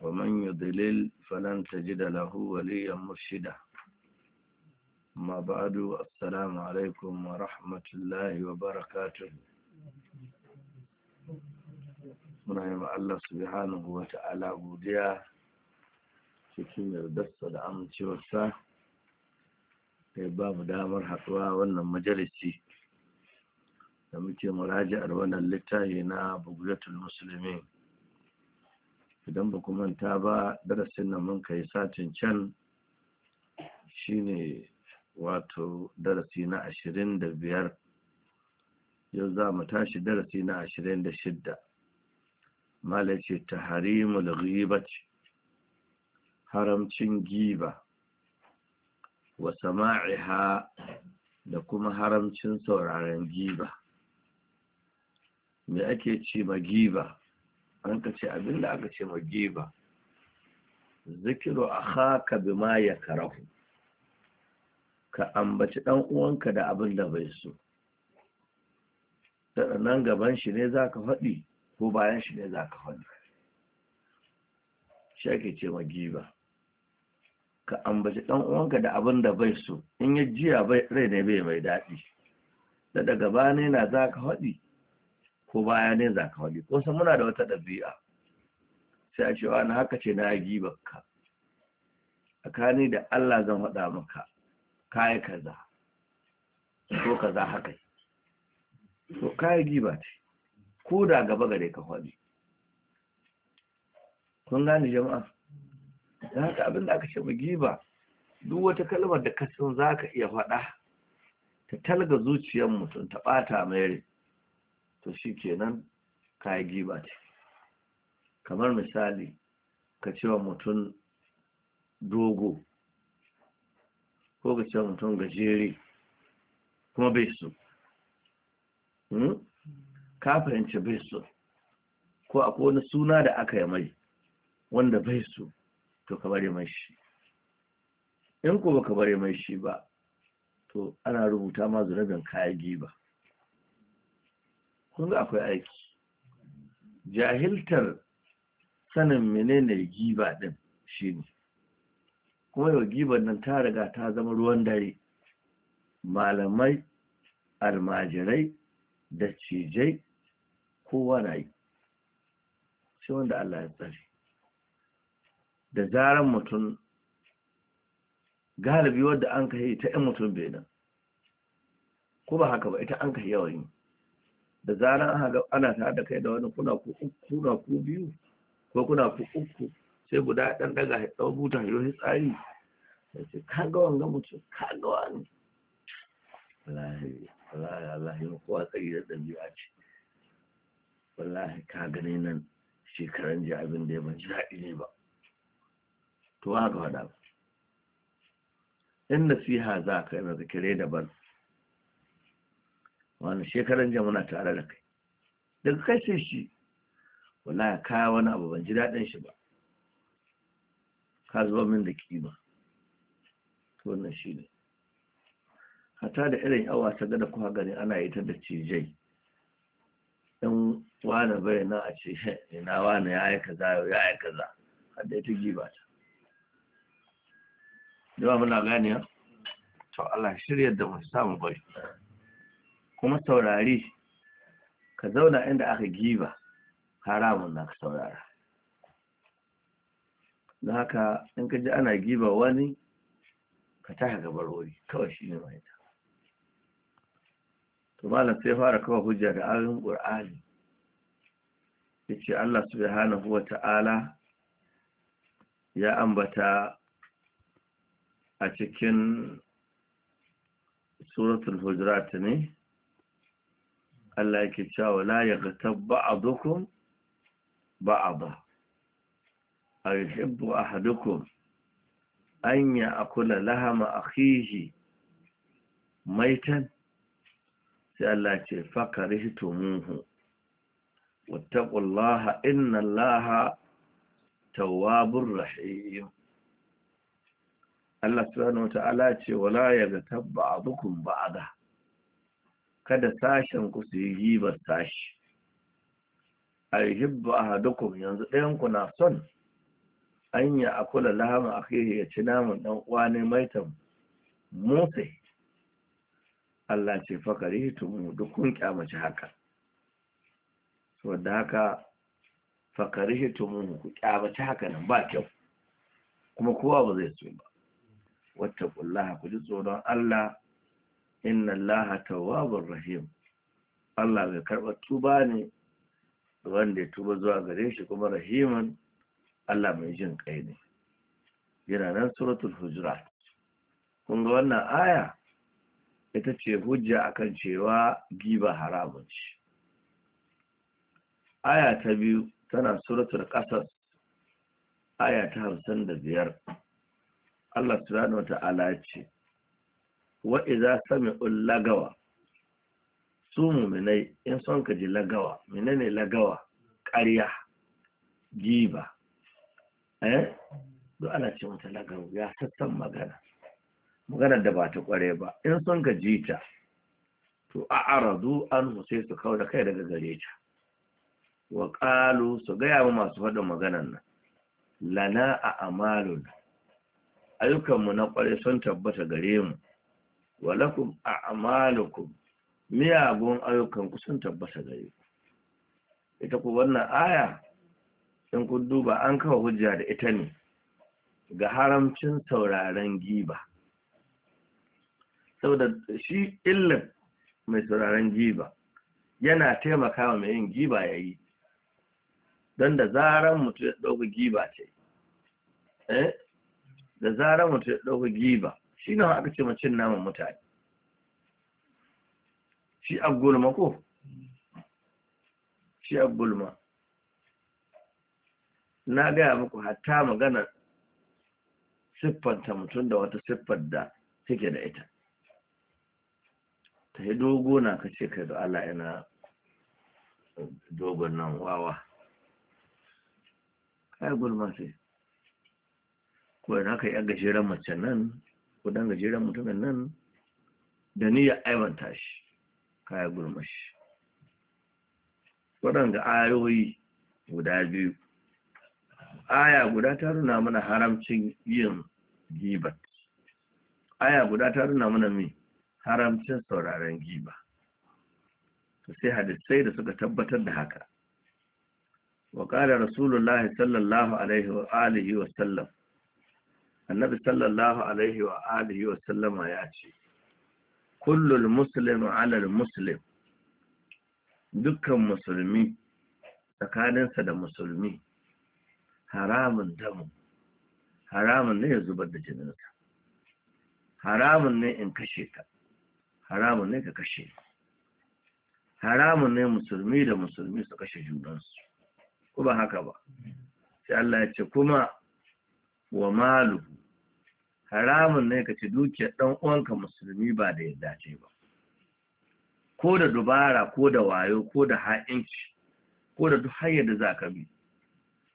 ومن يضلل فلن تجد له وليا مرشدا ما بعد السلام عليكم ورحمة الله وبركاته muna yi wa Allah subhanahu wa ta'ala godiya cikin yardarsa da amincewarsa da ya ba mu damar haɗuwa wannan majalisi da muke muraja'ar wannan littafi na bugiyatul musulmi idan ba manta ba darasin nan mun kai satin can shine wato darasi na ashirin da biyar yau za mu tashi darasi na ashirin da shidda malace ta harimul haramcin giba wa sama'iha da kuma haramcin sauraren giba me ake ce ma giba an ka ce abinda aka ce ma giba zikiru a haka bi ma ya karahu ka ambaci ɗan uwanka da abin da bai so nan gaban shi ne za ka faɗi ko bayan shi ne za ka faɗi shi ake ce ma giba ka ambaci ɗan uwanka da abin da bai so in yi jiya rai ne bai mai daɗi da daga bane na za ka faɗi ko baya ne za ka wani Ko muna da wata ɗabi'a sai a cewa na haka ce na yi ka tsakani da Allah zan haɗa maka kayi kaza ko kaza haka yi. to kayi giba ce ko da gaba gare ka faɗi kun gane jama'a da haka abin da aka ce mu giba duk wata kalmar da kasan za ka iya faɗa ta talga zuciyar mutum ta ɓata mai rai to shi kenan ka yi giba ce kamar misali ka ce wa mutum dogo ko ka ce wa mutum gajere kuma bai so hmm? ka fahimci bai so ko akwai wani suna da aka yi mai wanda bai so to ka bari mai shi in ko ka bari mai shi ba to ana rubuta ma zunubin kayan giba kun ga akwai aiki jahiltar sanin menene giba din shine kuma yau giban nan ta riga ta zama ruwan dare malamai almajirai da cijai kowa na yi sai wanda Allah ya tsari da zaran mutum galibi wadda an ka yi ta 'yan mutum bai nan ko ba haka ba ita an ka yawan yi da zaran ana tare da kai da wani kuna ku na ku biyu ko kuna ku uku sai guda ɗan daga ya ɗau buta ya tsari ya ce ka ga wanga mutum ka ga wani wallahi wallahi wallahi yau kowa tsari da ɗabi'a ce wallahi ka gani nan shekaran ji abin da ya ban ji daɗi ne ba to haka faɗa in nasiha za ka yi na zikirai daban wani shekaran jiya muna tare da kai daga kashe shi wallahi ka wani abu ban ji daɗin shi ba ka zuba min da kima wannan shi ne hata da irin yawa ta gada kuma gani ana yi ta da cijai in wani bai na a ce ina wani ya yi kaza ya yi kaza har ta ita giba ta Jama'a muna gani ya? To Allah shirya da mu samu bai. kuma saurari ka zauna inda aka giba haramun na ka saurara na haka in ka ji ana giba wani ka taha gabar wuri kawai shi ne mai to malam sai fara kawai hujja da ƙur'ani qur'ani ce Allah Su huwa Ta'ala ya ambata a cikin suratul hujrat ne الله يكتشاو لا يغتب بعضكم بعضا أيحب أحدكم أن يأكل لهم أخيه ميتا سأل الله فكرهتموه واتقوا الله إن الله تواب رحيم الله سبحانه وتعالى ولا يغتب بعضكم بعضا kada sashen ku su yi gibar sashi a yuhibbu ahadukum yanzu ɗayan ku na son an a kula lahama kai ya ci naman ɗan uwa ne maitan motsi Allah ce fakari tumu duk kun kyamaci haka Wadda haka fakari mu ku kyamaci haka nan ba kyau kuma kowa ba zai so ba wata kullaha ku ji tsoron Allah inna allaha tawwabur rahim Allah mai karɓar tuba ne wanda ya tuba zuwa gare shi kuma rahiman Allah mai jin kai ne yana nan suratul hujurat kun ga wannan aya ita ce hujja akan cewa giba haramun shi. aya ta biyu tana suratul qasas aya ta 55 da biyar Allah ta'ala wata'ala ce wa iza sami'ul lagawa su muminai in son ka ji lagawa menene lagawa ƙarya giba eh duk ana ce mata lagawa ya sassan magana magana da ba ta kware ba in son ka ji ta to a aradu an sai su kawo da kai daga gare ta wa ƙalu su gaya wa masu faɗin maganan nan lana a amalun ayyukanmu na ƙware sun tabbata gare mu walakum a'malukum miyagun ayyukan ku sun tabbata gare ku ita ku wannan aya in ku duba an kawo hujja da ita ne ga haramcin sauraren giba saboda shi illin mai sauraren giba yana taimakawa mai yin giba ya yi don da zarar mutu ya ɗauki giba ce eh, da zarar mutu ya ɗauka giba shi na aka ce macin naman mutane shi agulma ko shi agulma. na gaya muku hatta magana siffanta mutum da wata siffar da take da ita ta yi dogo na ka ce kai da Allah yana dogon nan wawa kai gulma sai ko yana ka yi agasheren mace nan ko dan gajeren mutumin nan da niyya aibanta shi kaya shi waɗanda ayoyi guda biyu aya guda ta runa mana haramcin yin gibat aya guda ta runa mana mi haramcin sauraren giba sai hadisai da suka tabbatar da haka wa ƙara rasulullah sallallahu alaihi wa alihi wa sallam annabi sallallahu alaihi wa alihi wa sallama ya ce kullul muslimu alal muslim dukkan musulmi tsakaninsa da musulmi haramun damu haramun ne ya zubar da jininsa haramun ne in kashe ka haramun ne ka kashe haramun ne musulmi da musulmi su kashe junansu ko ba haka ba sai Allah ya ce kuma wa maluhu haramun ne ka ci dukiyar ɗan uwanka musulmi ba da yadda ce ba ko da dubara ko da wayo ko da ha'inci ko da duk hanyar da za ka bi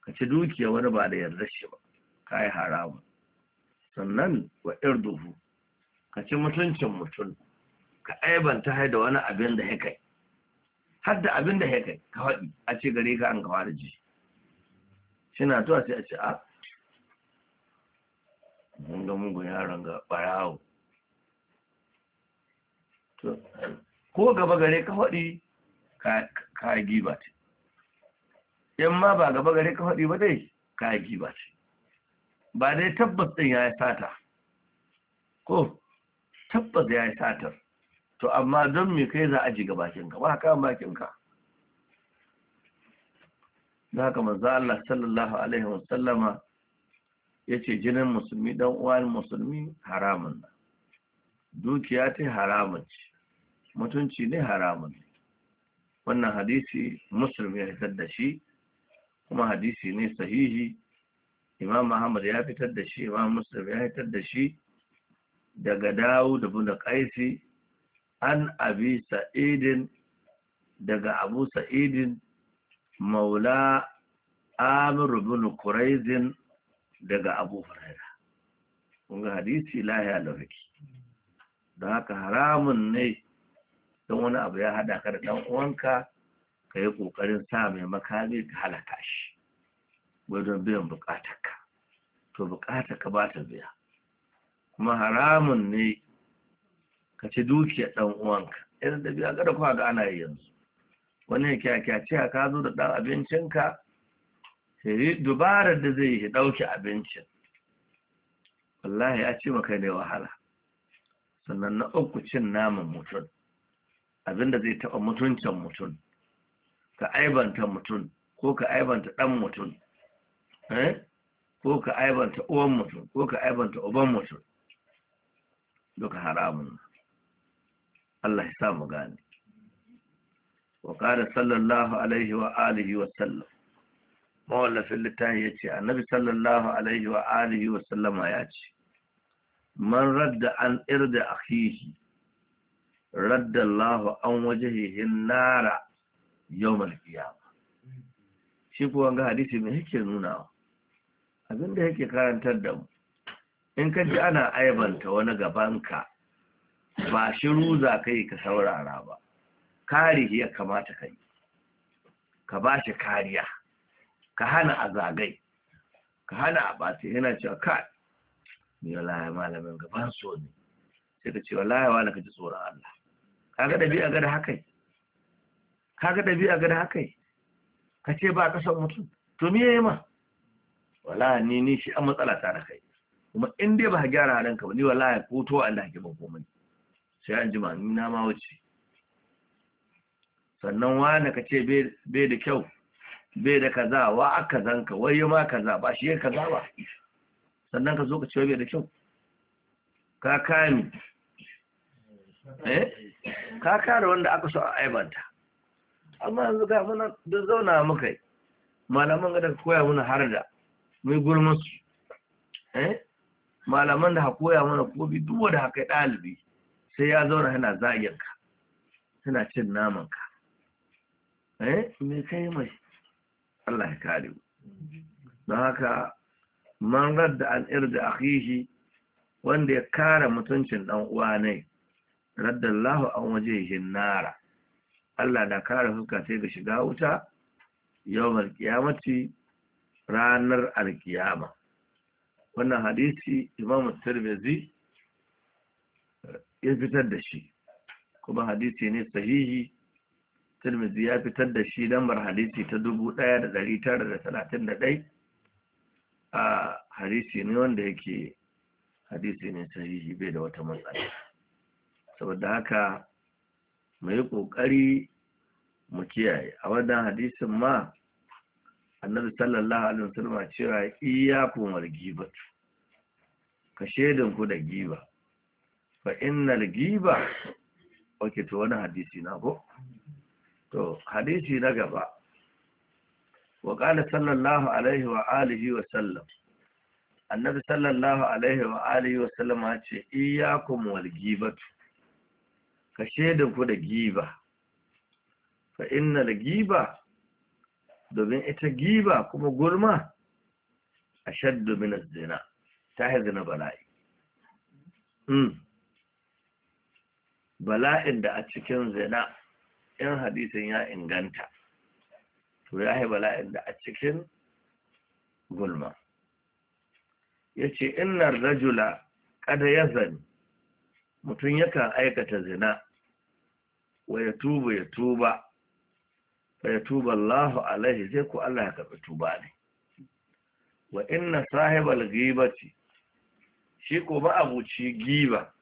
ka ci dukiyar wani ba da yadda shi ba ka yi haramun sannan wa irduhu ka ci mutuncin mutum ka aibanta haida wani abin da ya kai abin da ya kai ka faɗi a ce gare ka an kawar da ji shi na to a ce a ah, ce a mun ga mugun yaron ga ɓarawo. ko gaba gare ka faɗi ka giba ce in ma ba gaba gare ka faɗi ba dai ka giba ce ba dai tabbas ɗin ya yi sata ko tabbas ya yi satar to amma don me kai za a ji ga bakinka ba ka bakinka da haka manzo Allah sallallahu alaihi wasallama ya ce jinin musulmi dan uwan musulmi haramun na dukiya ta haramun ce mutunci ne haramun wannan hadisi musulmi ya fitar da shi kuma hadisi ne sahihi imam muhammad ya fitar da shi imam musulmi ya fitar da shi daga da ibn kaisi an abi sa'idin daga abu sa'idin maula amir bin kuraizin daga abu huraira kun ga hadisi lahiya lafiki don haka haramun ne don wani abu ya hada ka da dan uwanka ka yi ƙoƙarin sa mai makami ka halaka shi wai don biyan bukatarka to ka ba ta biya kuma haramun ne ka ci dukiyar dan uwanka irin da biya ga da kuma ga ana yi yanzu wani ya ce ka zo da ɗan abincinka sai dubarar da zai yi ɗauki abincin wallahi ya ce maka ne wahala sannan na uku cin naman mutum abinda zai taɓa mutuncin mutum ka aibanta mutum ko ka aibanta ɗan mutum eh? ko ka aibanta uwan mutum ko ka aibanta uban mutum duka haramun Allah ya samu gane wa sallallahu alaihi wa alihi wa sallam mawallafin littafi ya ce annabi sallallahu alaihi wa alihi wa sallama ya ce man radda an irda akhihi radda Allah an wajahihin nara yawmal qiyamah shi kuwa ga hadisi me yake nuna abinda yake karantar da mu in ka ji ana aibanta wani gabanka ba shiru za ka yi ka saurara ba karihi ya kamata ka yi ka ba shi kariya ka hana a zagai ka hana a ɓace yana cewa ka ni laye malamin gaban so ne sai ka ce laye wa ka ji tsoron Allah Ka dabi'a ga da hakai kaga dabi'a ga da hakai ka ce ba kasan mutum to me yayi ma Wala ni ni shi an matsala ta da kai kuma in dai ba ka gyara halin ka ba ni wallahi ko to Allah ke ban komai sai an jima ni na ma wuce sannan wani ka ce bai da kyau bai da kaza wa aka zanka wai ma kaza ba shi ya kaza ba sannan ka zo ka cewa bai da kyau ka kame eh ka kare wanda aka so a aibanta amma yanzu ga muna duk zauna muka yi malaman ga da koya muna har da mai gurmin su eh malaman da ha koya mana ko bi duk wanda haka dalibi sai ya zauna yana zagin ka suna cin naman ka eh me kai mai Allah ya kare mu don haka man radda an irda akhihi wanda ya kare mutuncin dan uwa ne raddallahu an waje nara Allah da kare fuska sai ga shiga wuta yawmal qiyamati ranar alkiyama wannan hadisi imamu tirmidhi eh, ya fitar da shi kuma hadisi ne sahihi tirmidhi ya fitar da shi lambar hadisi ta 1931 a hadisi ne wanda yake hadisi ne sahihi bai da wata matsala saboda haka mai ƙoƙari mu kiyaye a wannan hadisin ma annabi sallallahu alaihi wasallam cewa iyyakum wal giba ka shedin ku da giba fa innal giba wake to wani hadisi na ko to hadisi na gaba wa qala sallallahu alaihi wa alihi wa sallam annabi sallallahu alaihi wa alihi wa sallam ya ce iyyakum wal ghibatu ka shedin ku da giba fa innal giba domin ita giba kuma gulma ashaddu min az-zina ta hazina bala'i hmm. bala'in da a cikin zina yan hadisin ya inganta to ya haifa la’in da a cikin gulma ya ce ‘Ina rajula kada ya zani mutum yakan aikata zina wa ya tuba ya tuba fa ya tuba Allahu alaihi sai ku Allah ya karɓi tuba ne wa sahibar sahibal ce. shi ko ba abuci giba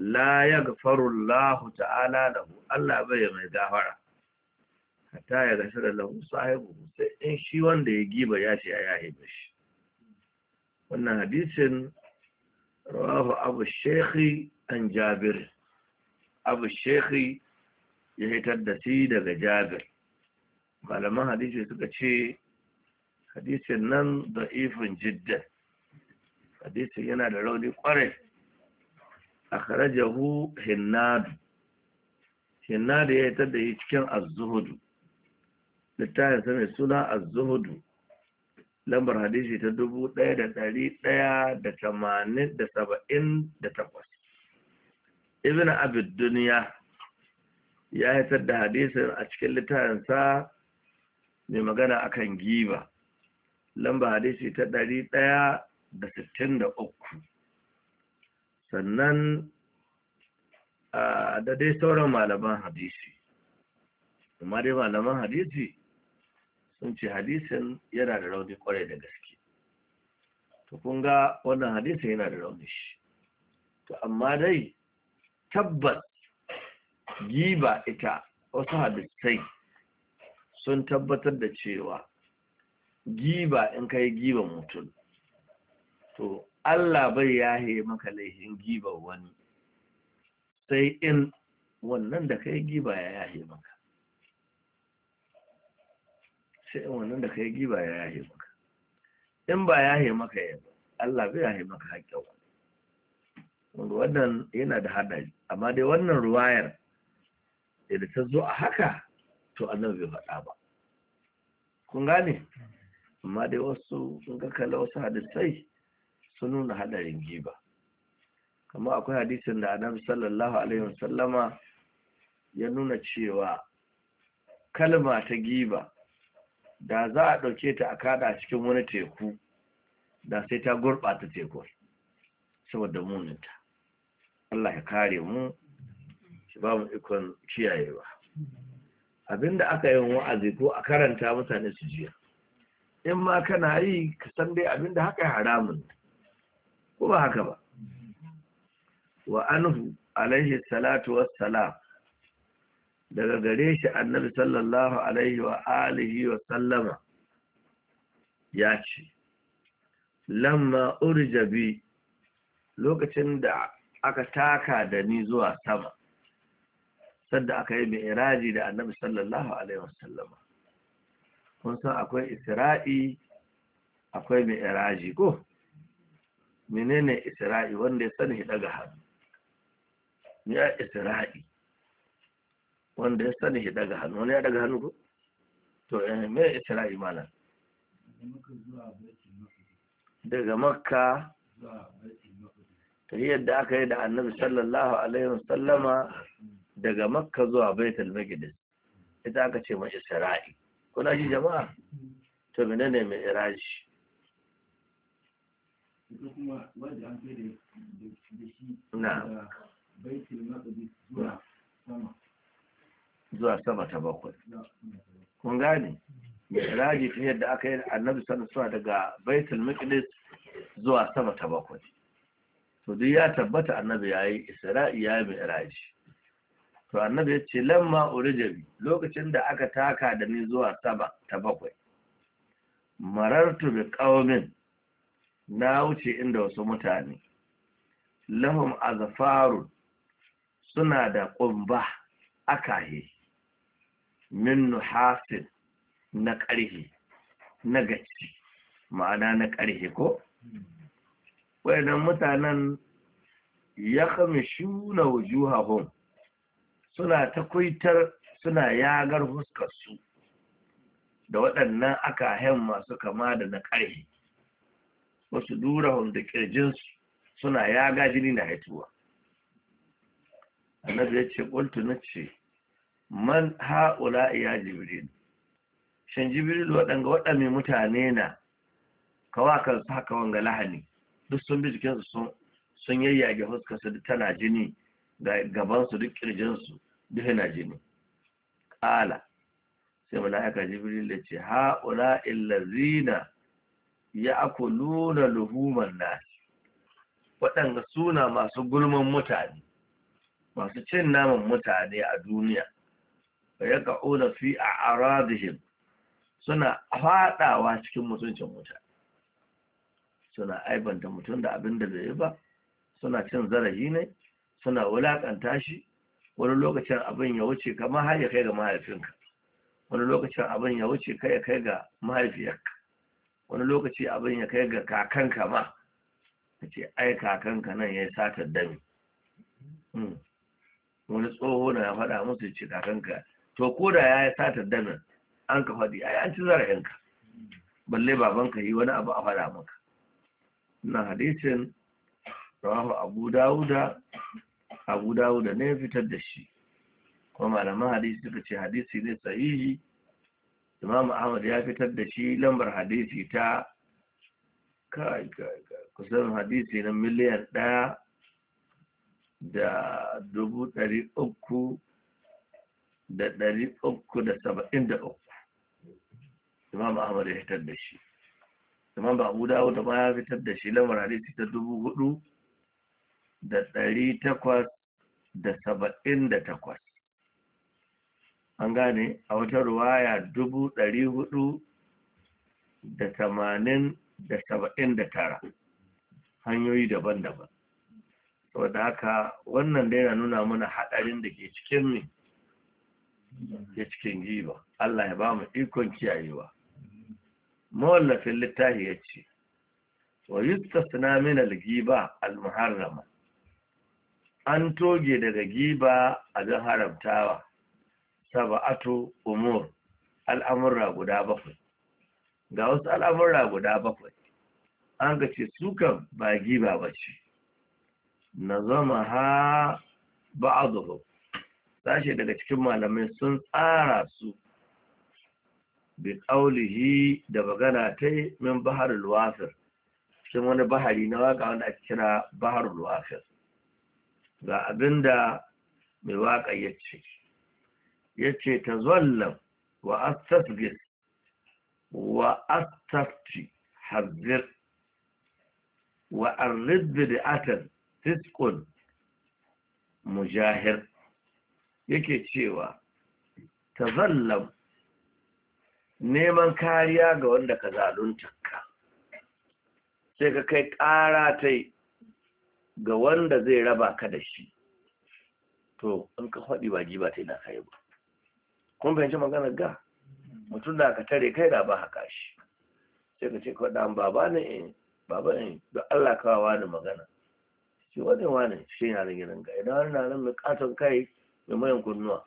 la ya gafaru Allah ta'ala da Allah bai mai gafara hatta ya gashi da lahu sahibu sai in shi wanda ya giba ya ce ya yi shi wannan hadisin rawahu abu shekhi an jabir abu shekhi ya hitar da shi daga jabir malaman hadisi suka ce hadisin nan da ifin jidda hadisin yana da rauni kwarai akhrajahu hinnad hinnad ya tada yi cikin az-zuhud littafin sa mai suna az-zuhud lambar hadisi ta 1178 ibn abid dunya ya haifar da hadisin a cikin sa mai magana akan giba lamba hadisi ta ɗari ɗaya da da uku. sannan da dai sauran malaman hadisi amma dai malaman hadisi sun ce hadisin yana da rauni kwarai da gaske to kun ga wannan hadisin yana da rauni shi to amma dai tabbas giba ita wasu hadisai sun tabbatar da cewa giba in ka yi giban mutum to Allah bai yahe maka laifin giba wani sai in wannan da kai giba ya yahe maka sai in wannan da kai giba ya yahe maka in ba yahe maka ya Allah bai yahe maka haƙƙin wani wannan yana da haɗari amma dai wannan ruwayar da ta zo a haka to annabi bai faɗa ba kun gane amma dai wasu sun ga kala wasu hadisai sun nuna hadarin giba kamar akwai hadisin da annabi sallallahu alaihi wasallama ya nuna cewa kalma ta giba da za a ɗauke ta a kada cikin wani teku da sai ta gurɓata teku saboda muninta Allah ya kare mu shi ba mu ikon kiyayewa abinda aka yi wa'azi ko a karanta mutane su jiya in ma kana yi ka san dai abinda haka haramun ne ko ba haka ba wa anhu alaihi salatu wassalam daga gare shi annabi sallallahu alaihi wa alihi wa sallama ya ce lamma urjabi lokacin da aka taka da ni zuwa sama sadda aka yi mai da annabi sallallahu alaihi wasallama kun san akwai isra'i akwai mai iraji ko menene isra'i wanda ya sani daga hannu ya isra'i wanda ya sani daga hannu wani ya daga hannu ko to eh me isra'i mana daga makka ta yadda aka yi da annabi sallallahu alaihi wasallama daga makka zuwa baitul maqdis ita aka ce mai isra'i kuna ji jama'a to menene mai iraji zuwa sama ta bakwai kun gane raji ta yadda aka yi annabi sallallahu daga baitul maqdis zuwa sama ta bakwai to duk ya tabbata annabi ya yi isra'i mai miraji to annabi ya ce lamma urijabi lokacin da aka taka da ni zuwa sama ta bakwai marartu bi min. na wuce inda wasu mutane lahum azfarun suna da ƙumba akahe min nuhasin na ƙarhe na gaci ma'ana na ƙarhe ko na mutanen ya kamishu na hun suna ta suna yagar fuskarsu da waɗannan akahen masu kama da na ƙarhe wasu durahun da kirjinsu suna yaga jini na haituwa annabi ya ce ƙultu na ce man ha'ula iya jibril shan jibril waɗanga waɗanne mutane na kawa su haka wanga lahani duk sun bi jikinsu sun yayyage fuskarsu duk tana jini ga gabansu duk ƙirjinsu duk yana jini ƙala sai mala'ika jibril ya ce ha'ula illazina ya ako nuna luhuman nasi waɗanda suna masu gulman mutane masu cin naman mutane a duniya da ya ka'una fi a aradihim suna faɗawa cikin mutuncin mutane suna aibanta mutum da abin da bai yi ba suna cin zarafi ne suna wulaƙanta shi wani lokacin abin ya wuce kamar har ya kai ga mahaifinka wani lokacin abin ya wuce kai ya kai ga mahaifiyarka wani lokaci abin ya kai ga kakanka ma ka ce ai kakanka nan ya yi satar dami hmm. wani tsoho na ya faɗa musu ce kakanka to ko da ya yi satar damin an ka faɗi ai an ci zara'inka balle babanka yi wani abu a faɗa maka na hadisin rahu abu dawuda abu dawuda ne fitar da shi kuma malaman hadisi suka ce hadisi ne sahihi imam ahmad ya fitar da shi lambar hadisi ta kusan hadisi na miliyan ɗaya da dubu ɗari uku da ɗari uku da saba'in da uku imam ahmad ya fitar da shi imam abu dawud ma ya fitar da shi lambar hadisi ta dubu hudu da ɗari takwas da saba'in da takwas an gane a wata ruwaya dubu ɗari hudu da tamanin da saba'in da tara hanyoyi daban-daban saboda haka wannan da yana nuna mana haɗarin da ke cikin ne ke cikin giba Allah ya ba mu ikon kiyayewa mawallafin littafi ya ce wa yustasna na al-giba almuharrama an toge daga giba a don haramtawa sab'atu umur al'amurra guda bakwai ga wasu al'amurra guda bakwai an ga ce sukan ba giba ba ce na zama ha ba'aduhu sashe daga cikin malamai sun tsara su bi ƙaulihi da magana ta min bahar luwafir cikin wani bahari na waka wanda ake kira bahar luwafir ga abinda mai waka ya ce Yace ce ta zallam wa astasgis wa astafti hazir wa arridbi da atan fiskun mujahir yake cewa ta zallam neman kariya ga wanda ka ka, sai ka kai ƙara ta ga wanda zai raba ka da shi to in ka faɗi ba ba ta yi na kai ba kun fahimci maganar ga mutum da ka tare kai da ba haka shi sai ka ce kawai dan baba ne in eh, baba ne eh, da Allah kawo wani magana shi wani wani shi yana da gidan ga idan wani na nan mai katon kai mai mayan kunnuwa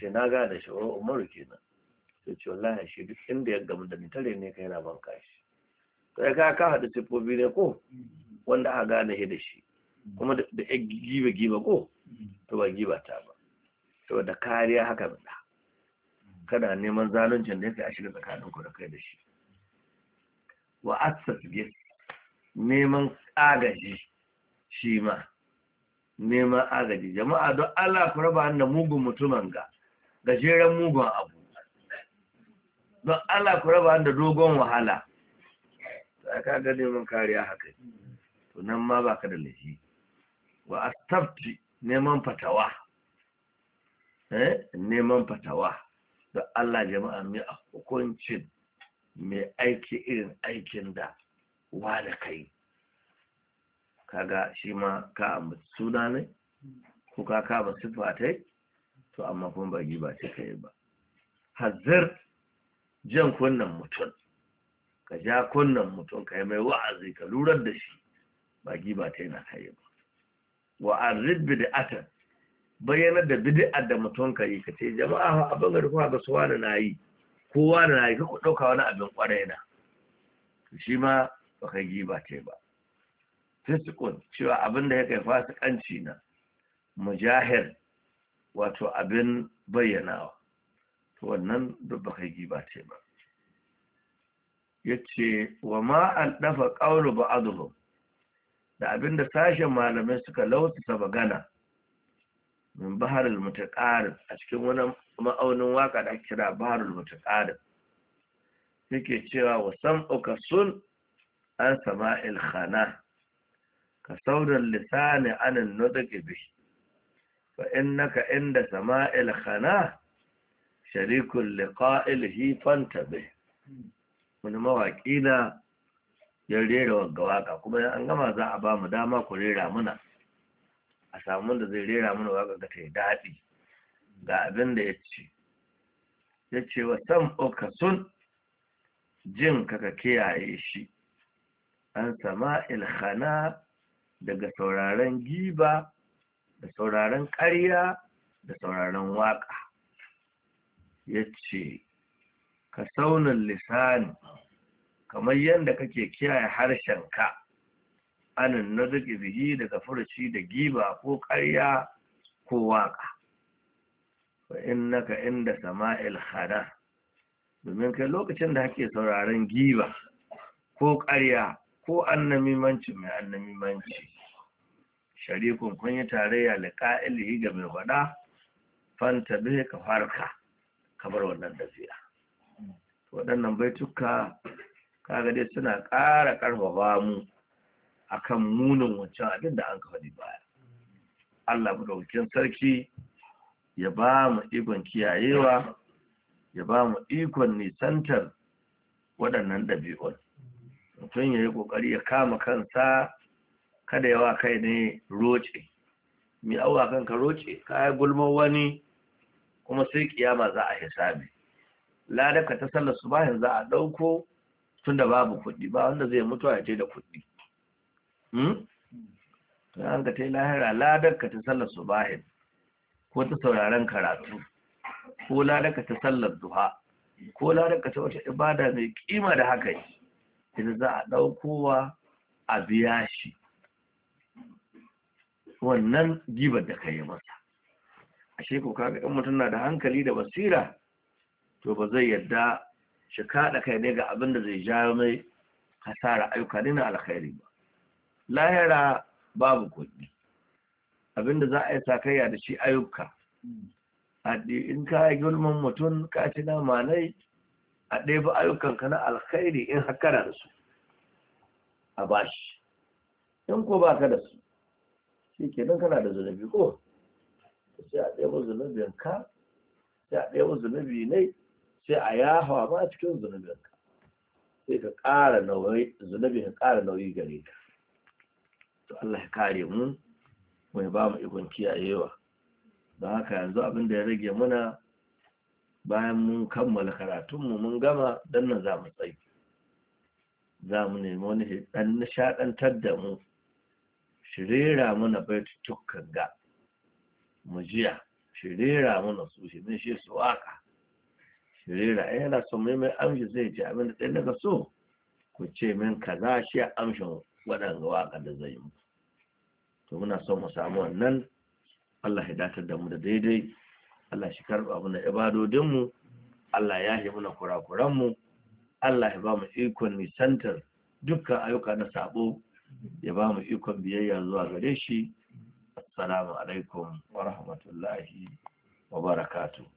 sai na ga da shi oh, umaru kenan sai ce wallahi shi duk inda ya gamu da ni tare ne kai na ban kashi sai ka ka hada sifofi ne ko wanda aka gane shi da shi kuma da giba giba ko to ba giba ta ba saboda kariya haka da kada neman zaluncin da yake a shiga tsakanin ku da kai da shi wa atsas neman agaji shi ma neman agaji jama'a don Allah ku raba da mugun mutumin ga gajeren mugun abu don Allah ku raba da dogon wahala ta ka ga neman kariya haka to nan ma ba ka da laifi wa astafti neman fatawa eh neman fatawa da Allah jama'a mai a hukuncin mai aiki irin aikin da wa da kai kaga shi ma ka amma suna ne ko ka kama siffa ta yi? to amma kuma ba giba ba ta kai ba Hazir jan kunnen mutum ka ja kunnan mutum ka yi mai wa'azi ka lurar da shi ba ba ta yi na kai ba da bid'atan bayyanar da bid'a da mutum ka yi ka ce jama'a abin da kuma ga suwa da nayi kowa da nayi ka dauka wani abin kwarai na shi ma ba kai ba ce ba fisikun cewa abin da ya kai fasikanci na mujahir wato abin bayyanawa to wannan duk ba kai ba ce ba yace wa ma an dafa qawlu ba'dhum da abin da sashen malamai suka lausa magana min baharul mutaqarib a cikin wani ma'aunin waka da ake kira baharul mutaqarib yake cewa wa sam'uka sun an sama'il khana ka saudan lisani anin nutqi bi fa innaka inda sama'il khana sharikul liqa'il fanta bi wani mawaki na ya rera wagga waka kuma an gama za a ba mu dama ku rera muna a samu da zai rera mana waƙar da ta yi daɗi ga abin da ya ce ya ce wa san uka sun jin kaka kiyaye shi an sama ilhana daga sauraren giba da sauraren ƙarya da sauraren waƙa ya ce ka saunin lisani kamar yadda kake kiyaye harshenka anin na zuke bihi daga furuci da giba ko karya ko waƙa fa innaka inda sama'il hada domin kai lokacin da hake sauraron giba ko karya ko manci mai annamimanci sharikun kun yi tarayya da ƙa'ilihi ga mai faɗa fanta bai ka farka kamar wannan tafiya waɗannan baituka kaga dai suna ƙara ƙarfafa mu akan munin wancan abin da an ka faɗi baya Allah madaukakin sarki ya ba mu ikon kiyayewa ya ba mu ikon nisantar waɗannan ɗabi'un mutum ya yi ƙoƙari ya kama kansa kada yawa kai ne roce mai auwa kanka roce kayan gulmar wani kuma sai kiyama za a hisabi ladaka ta sallar su bayan za a ɗauko tun da babu kuɗi ba wanda zai mutu a ce da kuɗi to hmm? ka ta lahira ladar ka ta sallar subahin ko ta sauraren karatu ko ladar ka ta sallar duha ko ladar ka ta wata ibada mai kima da haka yi ita za a ɗaukowa a biya shi wannan gibar da ka yi masa ashe ko kaga in mutum na da hankali da basira to ba zai yadda shi kaɗa kai ne ga abin da zai jawo mai kasara ayyuka ne na alkhairi ba lahira babu kuɗi abinda za a yi sakayya da shi ayyuka in ka yi gulman mutum ka ci nama a ɗaya ayyukanka na alkhairi in hakara da su a bashi in ko ba ka da su shi ke nan kana da zunubi ko sai a ɗaya zunubin ka sai a ɗaya zunubi ne sai a yahawa ma cikin zunubin ka sai ka ƙara ka ƙara nauyi gare ka to Allah ya kare mu mai ba mu ikon kiyayewa don haka yanzu abin da ya rage muna bayan mun kammala karatunmu mun gama don nan za mu tsaye za mu nemi wani dan nishadantar da mu shirera mana tukkan ga mujiya shirera mana su shi min shi su waka shirera yana son mai mai amshi zai ce abin da ɗaya daga so ku ce min kaza shi amshin waɗanda waƙa da zai yi to muna son mu samu wannan Allah ya datar da mu da daidai Allah shi karɓa mana ibadodin mu Allah ya yi muna kurakuran mu Allah ya ba mu ikon nisantar dukkan ayyuka na sabo ya ba mu ikon biyayya zuwa gare shi assalamu alaikum wa rahmatullahi wa barakatuh